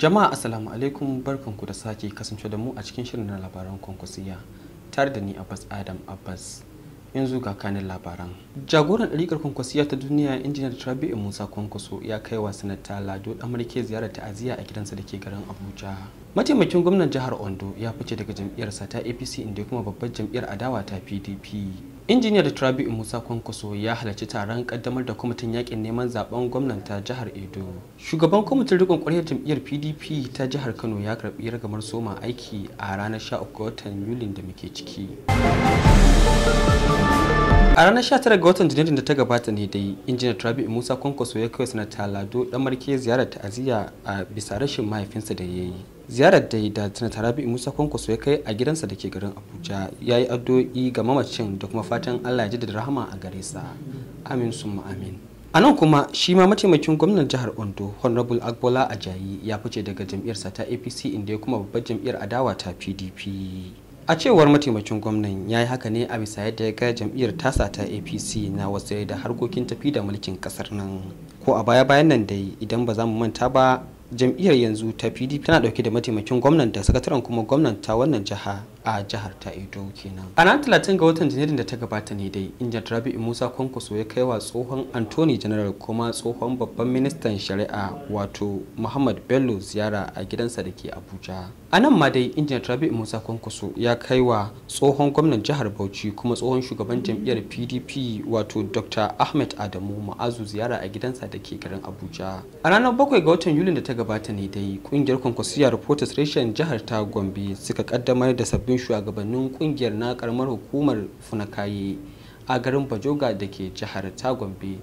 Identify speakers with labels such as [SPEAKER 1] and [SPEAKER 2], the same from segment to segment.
[SPEAKER 1] Jama'a Assalamu alaikum barkanku da sake kasance da mu a cikin shirin na labaran kwankwasiya tare da ni Abbas Adam Abbas. Yanzu ga kanin labaran. Jagoran ɗariƙar kwankwasiya ta duniya injiniyar Trabi'u Musa Kwankwaso ya kai wa sanata Lado Amurke ziyarar ta'aziyya a gidansa da ke garin Abuja. Mataimakin gwamnan jihar Ondo ya fice daga jam'iyyarsa ta APC inda kuma babbar jam'iyyar adawa ta PDP. injiniyar trabi'u musa kwankwaso ya halarci taron kaddamar da kwamitin yakin neman zaben gwamnan ta jihar edo shugaban kwamitin rikon kwaryar jam'iyyar pdp ta jihar kano ya karbi ragamar soma aiki a ranar 13 watan yulin da muke ciki a ranar 19 ga watan janairun da ta gabata ne dai Injiniyar trabi musa kwankwaso ya kai ta lado marke ziyarar ta'aziyya a bisa rashin mahaifinsa da ya yi ziyarar dai da sanata rabi musa kwankwaso ya kai a gidansa da ke garin abuja ya yi addu'o'i ga mamacin da kuma fatan allah ya ji da rahama a gare sa amin summa amin a nan kuma shi ma mataimakin gwamnan jihar ondo honorable agbola ajayi ya fice daga jam'iyyarsa ta apc inda ya kuma babbar jam'iyyar adawa ta pdp a cewar mataimakin gwamnan ya yi haka ne a bisa yadda ya ga jam'iyyar tasa ta apc na wasu da harkokin tafi da mulkin kasar nan ko a baya bayan nan dai idan ba za mu manta ba jam'iyyar yanzu ta pdp tana dauke da mataimakin gwamnan da sakataren kuma gwamnan ta wannan jiha a jihar ta edo kenan a ranar talatin ga watan janairun da ta gabata ne dai injin rabi'u musa kwankwaso ya kai wa tsohon antony general kuma tsohon babban ministan shari'a wato muhammad bello ziyara a gidansa da ke abuja a nan ma dai injin rabi musa kwankwaso ya kai wa tsohon gwamnan jihar bauchi kuma tsohon shugaban jam'iyyar pdp wato dr ahmed adamu ma'azu ziyara a gidansa da ke garin abuja a ranar bakwai ga watan yulin da ta gabata ne dai kungiyar kwankwasiya reporters reshen jihar ta gombe suka kaddamar da sabbin shugabannin kungiyar na karamar hukumar funakaye a garin bajoga da ke jihar ta gombe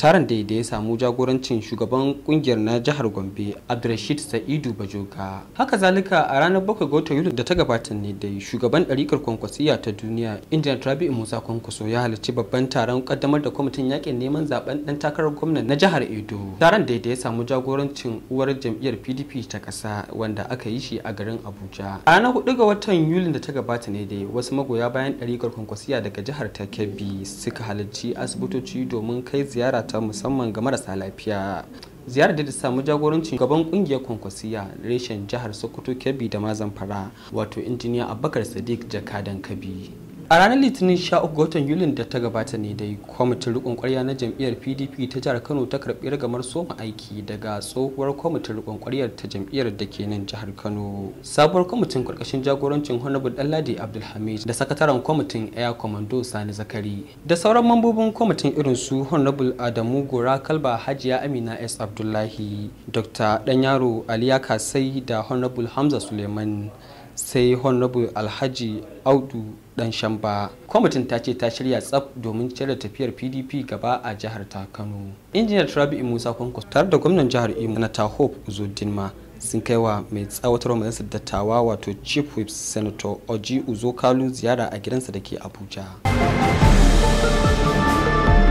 [SPEAKER 1] taron da ya samu jagorancin shugaban kungiyar na jihar gombe abdulrashid sa'idu bajoga haka zalika a ranar bakwai ga watan yuli da ta gabata ne dai shugaban ɗarikar kwankwasiya ta duniya indian trabi musa kwankwaso ya halarci babban taron kaddamar da kwamitin yakin neman zaben dan takarar gwamna na jihar edo taron da ya samu jagorancin uwar jam'iyyar pdp ta ƙasa wanda aka yi shi a garin abuja a ranar hudu ga watan yuli da ta gabata ne dai wasu magoya bayan ɗarikar kwankwasiya daga jihar ta kebbi suka halarci asibitoci domin kai ziyara ta musamman ga marasa lafiya ziyarar da ta samu jagorancin gaban kungiyar kwankwasiya reshen jihar sokoto kebbi da Zamfara wato injiniya abubakar sadiq jakadan kabi a ranar litinin 13 ga watan yulin da ta gabata ne dai kwamitin rikon kwarya na jam'iyyar pdp ta jihar kano ta karbi ragamar soma aiki daga tsohuwar kwamitin rikon kwaryar ta jam'iyyar da ke nan jihar kano sabuwar kwamitin karkashin jagorancin honorable danladi abdulhamid da sakataren kwamitin air commando sani zakari da sauran mambobin kwamitin irin su honorable adamu gora kalba hajiya amina s abdullahi dr danyaro aliya kasai da honorable hamza suleiman sai honorable alhaji audu dan shamba kwamitin ta ce ta shirya tsaf domin cire tafiyar pdp gaba a jihar ta kano injiniyar turabi musa kwankwas tare da gwamnan jihar imo na ta hope dinma sun kai wa mai tsawatar majalisar dattawa wato chief whip senator oji Uzo-Kalu ziyara a gidansa da ke abuja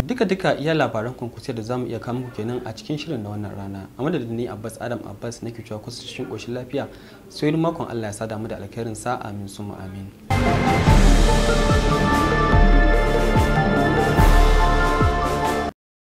[SPEAKER 1] duka duka iya labaran kwankwasai da zamu iya kama ku kenan a cikin shirin na wannan rana a madadin ni abbas adam abbas nake cewa kusa cikin koshin lafiya sai makon allah ya sada mu da alkhairin sa amin suma amin Thank you.